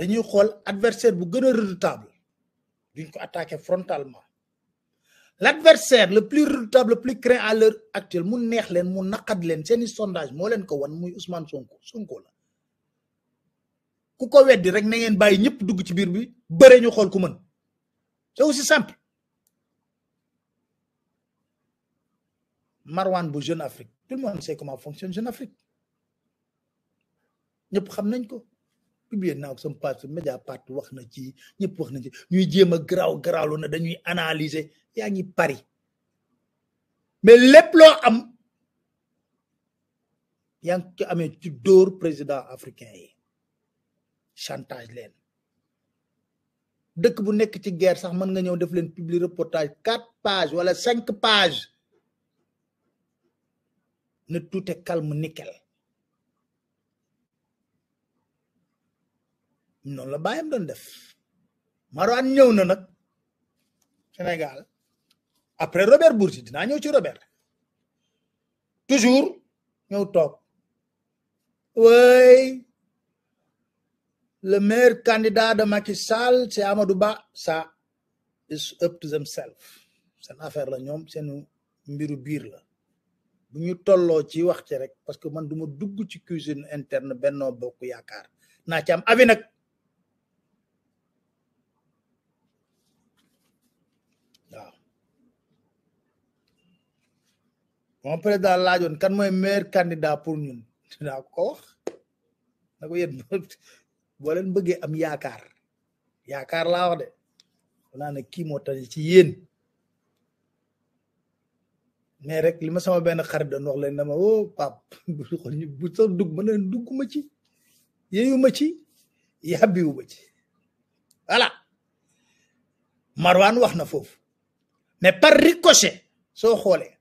dañuy xool adversaire bu gën a redoutable duñ ko attaqué frontalement l'adversaire le plus redoutable le plus craint à l'heure actuelle mu neex leen mu naqat leen seeni sondage moo leen ko wan muy Ousmane Sonko Sonko la ku ko weddi rek na ngeen bàyyi ñëpp dugg ci biir bi bëre ñu xool ku mën c'est aussi simple Marwan bu Jeune Afrique tout le monde sait comment fonctionne Jeune Afrique ñëpp xam nañ ko publier naa ko sama page su Mediapart wax na ci ñëpp wax na ci ñuy jéem a garaaw garaawlu na dañuy analise yaa ngi pari mais lépp loo am yaa ngi ko amee ci dóor président africain yi chantage leen dëkk bu nekk ci guerre sax mën nga ñëw def leen publier reportage quatre pages wala cinq pages ne tout est calme non la bayam don def maroan ñew na nak senegal après Robert bourdi dina ñew ci Robert toujours ñew toog way le meilleur candidat de Macky Sall c'est Amadou Ba ça is up to themselves une affaire la c'est nous mbiru bir la bu ñu tolloo ci wax ci rek parce que man duma dugg ci cuisine interne Benno bokku yakar na ci am avis nak moom président laajoon kan mooy meilleur candidat pour ñun dinaa ko wax na ko yéen boo leen bëggee am yaakaar yaakaar laa wax de naa ne kii moo tane ci yéen mais rek li ma sama benn xarit doon wax leen dama o pap bu sax dugg ma leen dugg ma ci yéyu ma ci yàbbiwu ma ci voilà Marwan wax na foofu mais par ricochet soo xoolee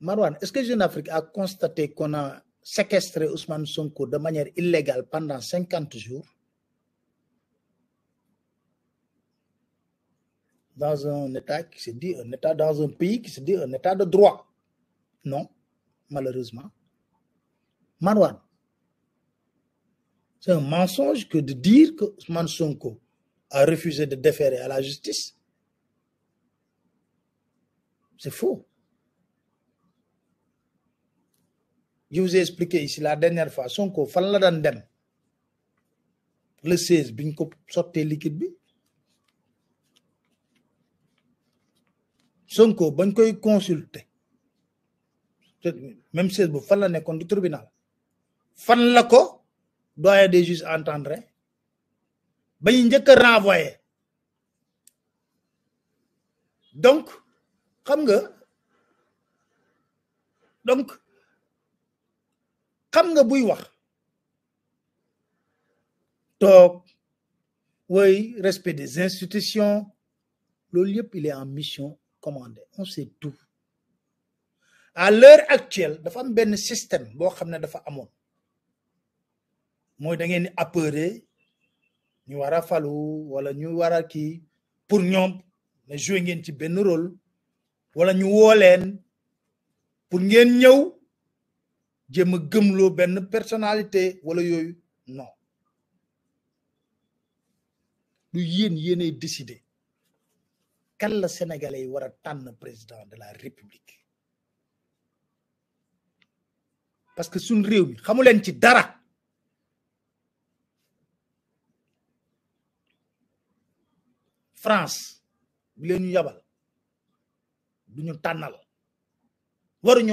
Marwan, est-ce que Jeune Afrique a constaté qu'on a séquestré Ousmane Sonko de manière illégale pendant 50 jours dans un État qui se dit un État, dans un pays qui se dit un État de droit Non, malheureusement. Marwan, c'est un mensonge que de dire que Ousmane Sonko a refusé de déférer à la justice. C'est faux. je vous ai expliqué ici la dernière fois Sonko fan la dan dem le 16 biñ ko sottee liquide bi Sonko bañ koy consulter même 16 bu fan la nekkoon du tribunal fan la ko doyen des juges entendre bañ ñu renvoyer donc xam nga donc xam nga buy wax respect des institutions le lieu il est en mission commandée on sait tout à l'heure actuelle dafa am un système boo xam ne dafa amoon da apeuré ñu war a wala ñu war a pour ñoom ne joué ngeen ci rôle wala ñu pour me suis personnalité wala non lu yéen yéenay décidé kan sénégalais yi war président de la république parce que sun réew mi dara France bi leen ñu du ñu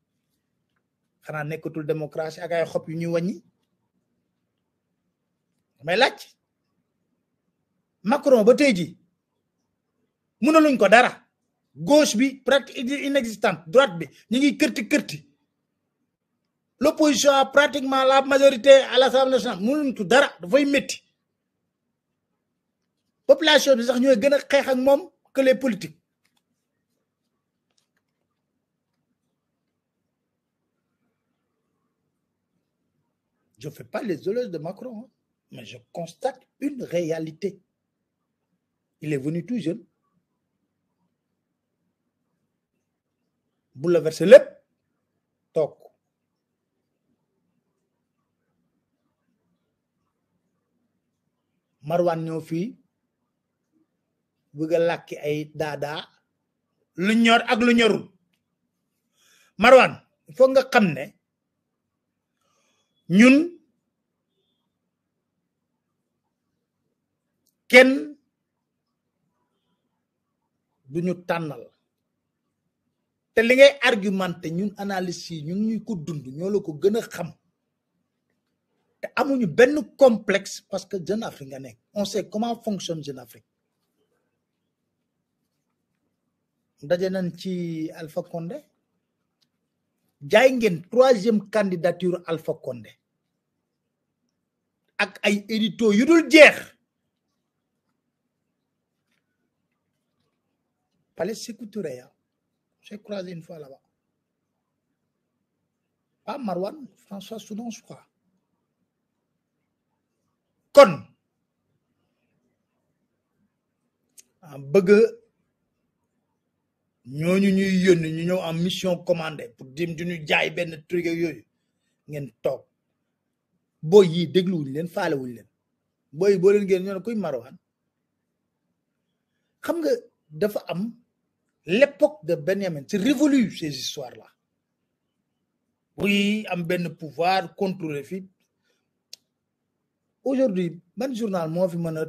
xanaa nekkatul démocratie ak ay xob yu ñuy wàññi damay laaj Macron ba tey jii mënaluñ ko dara gauche bi pratique inexistante droite bi ñu ngi kërti kërti l'opposition a pratiquement la majorité à l'Assemblée nationale mënaluñ ko dara dafay métti population bi sax ñooy gën a xeex ak moom que les Je ne fais pas les éloges de Macron, hein, mais je constate une réalité. Il est venu tout jeune. bouleversé le toc. marwan Niofi, vous bëgg Dada, làkki ay marwan il faut tu te ñun kenn duñu tànnal te li ngay argumenté ñun analyse yi ñun nous, ko dund ñoo la ko gën a xam te amuñu benn complexe parce que Jeune Afrique nga on sait comment fonctionne Jeune Afrique daje nañ ci Alpha Condé jaay ngeen troisième candidature Alpha Condé ak ay édito yu dul jeex Palais Sékou ya j'ai croisé une fois là-bas pas Marwan François Soudan je crois kon bëgg ñooñu ñuy yónni ñu ñëw en mission commandée pour dim di ñu jaay benn truc yooyu ngeen toog boy yi dégluwuñu leen faalewuñu leen boy yi boo leen génn ñoo ne kuy marwaan xam nga dafa am l'époque de Benjamin c'est révolu ces histoires là oui am benn pouvoir contrôler fi aujourd'hui ban journal moo fi mën a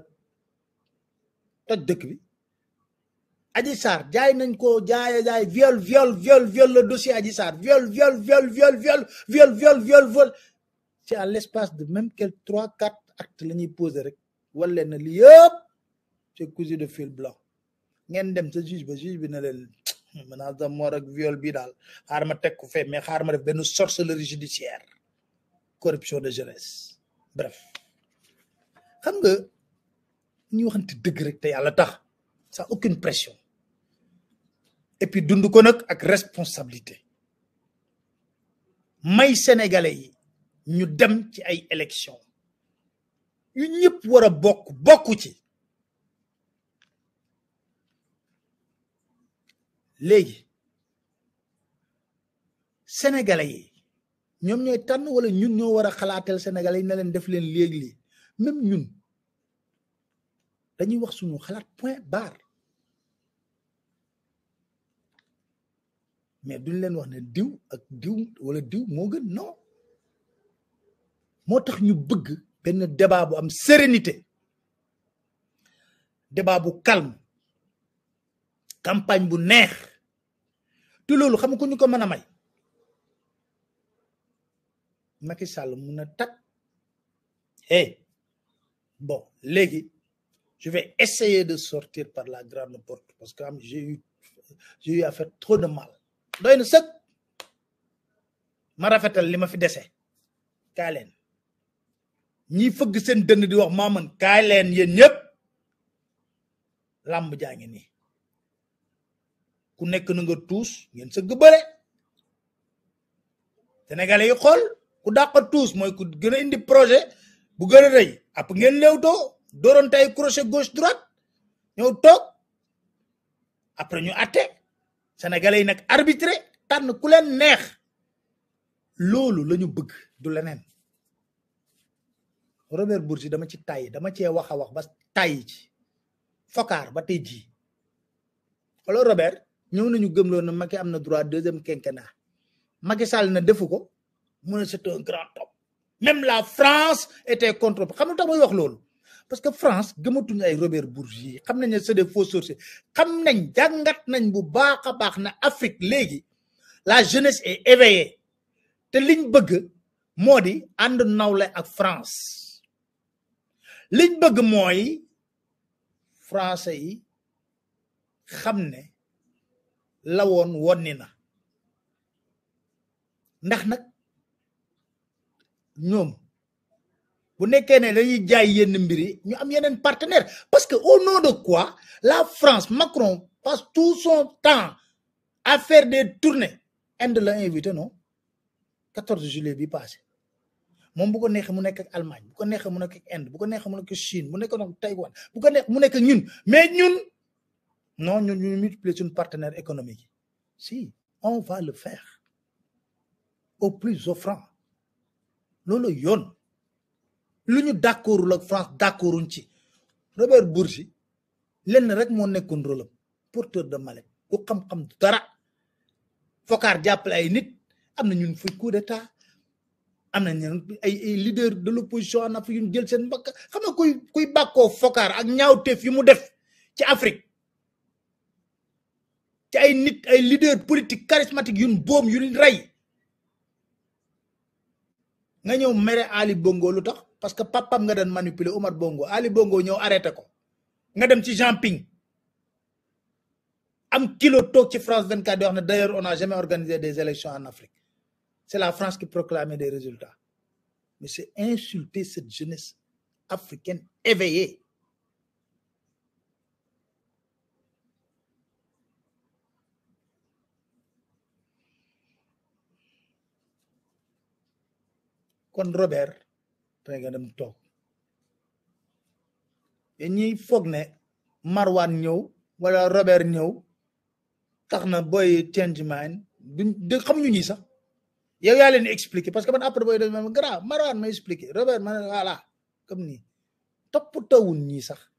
toj dëkk bi Adji sar jaay nañ ko jaay jaay viol viol viol viol le dossier Adji sar viol viol viol viol viol viol viol viol viol ci à l'espace de même quelques 3-4 actes la ñuy posé rek alors, na li yëpp c'est cousu de fil blanc ngeen dem le juge ba juge bi na leen menace de mort ak viol bi dal xaar tek ko fee mais xaar ma def benn sorcellerie judiciaire corruption de jeunesse bref xam nga ñu waxanti deug rek te yalla tax sans aucune pression et puis dund ko nak ak responsabilité may sénégalais ñu dem ci ay élection ñu ñëpp war a bokk bokku ci léegi sénégalais yi ñoom ñooy tànn wala ñun ñoo war a xalaatal sénégalais yi na leen def leen léegi lii même ñun dañuy wax suñu xalaat point barre mais duñ leen wax ne diw ak diw wala diw moo gën non motax ñu bëgg benn débat bu am sérénité débat bu calme campagne bu neex te loolu xam ko ñu ko mën a may Macky Sall mun a tag eh bon léegi je vais essayer de sortir par la grande porte parce que j'ai eu j'ai eu à faire trop de mal doy na sëg ma rafetal li ma fi dese kaa leen ñi fëgg seen dënd di wax maaman kaay leen yéen ñëpp lamb jaa ngi nii ku nekk na nga tuus ngeen sëgg gëbëre sénégalais yi xool ku dàq tuus mooy ku gën a indi projet bu gën a rëy ap ngeen léewtoo doron tay crochet gauche droite ñëw toog après ñu atté sénégalais yi nag arbitré tànn ku leen neex loolu lañu bëgg du leneen Robert Bourgi dama ci tay dama cee wax a wax ba tay ci fokaar ba tey jii wala Robert ñëw nañu gëmloo na Macky am na droit deuxième quinquennat Macky Sall na defu ko mu ne c'est un grand top même la France était contre xam nga tax may wax loolu parce que France gëmatuñu ay Robert Bourgi yi xam nañ ne c'est des faux sorciers xam nañ jàngat nañ bu baax a baax na Afrique léegi la jeunesse est éveillée te liñ bëgg moo di ànd nawle ak France liñ bëgg mooy français yi xam ne na ndax nag bu ne dañuy jaay yenn partenaire parce que au nom de quoi la France Macron passe tout son temps à faire des tournées de la invité non 14 juillet bi passé moom bu ko nexe mu nekk ak Allemagne bu ko nexe mu nekk ak Inde bu ko nexe mu nekk ak Chine mu nekk ak Taiwan. bu ko nexe mu nekk ak ñun mais ñun non ñun ñu multiplier une partenaire économique si on va le faire au plus offrant Lolo yoon lu ñu d'accordul ak France d'accorduñ ci Robert Bourgi lenn rek mo nekkoon rôlam porteur de malet ku xam-xam dara fokar jàppale ay nit amna ñun fuy coup d'état am na ñeneen ay ay leader de l' opposition en Afrique yu ñu jël seen mbakk xam nga kuy kuy bàkkoo fokaar ak ñaaw ñaawteef yu mu def ci Afrique ci ay nit ay leader politique charismatique yu ñu boom yu ñu rey nga ñëw mere Ali Bongo lu tax parce que papam nga daan manipuler Omar Bongo Ali Bongo ñëw arrêté ko nga dem ci Jean Ping am kilo toog ci France 24 di wax ne d' ailleurs on a jamais organisé des élections en Afrique. C'est la France qui proclamait des résultats. Mais c'est insulter cette jeunesse africaine éveillée. Quand Robert regardez-moi, talk. Et te ñuy Marwan Marouane, wala Robert Nio, tax Boy change mind de xamuñu ñi ça? yow yaa leen expliqué parce que man après booy def ma grand Marwan ma expliqué Robert ma ne voilà comme nii toppatawun ñii sax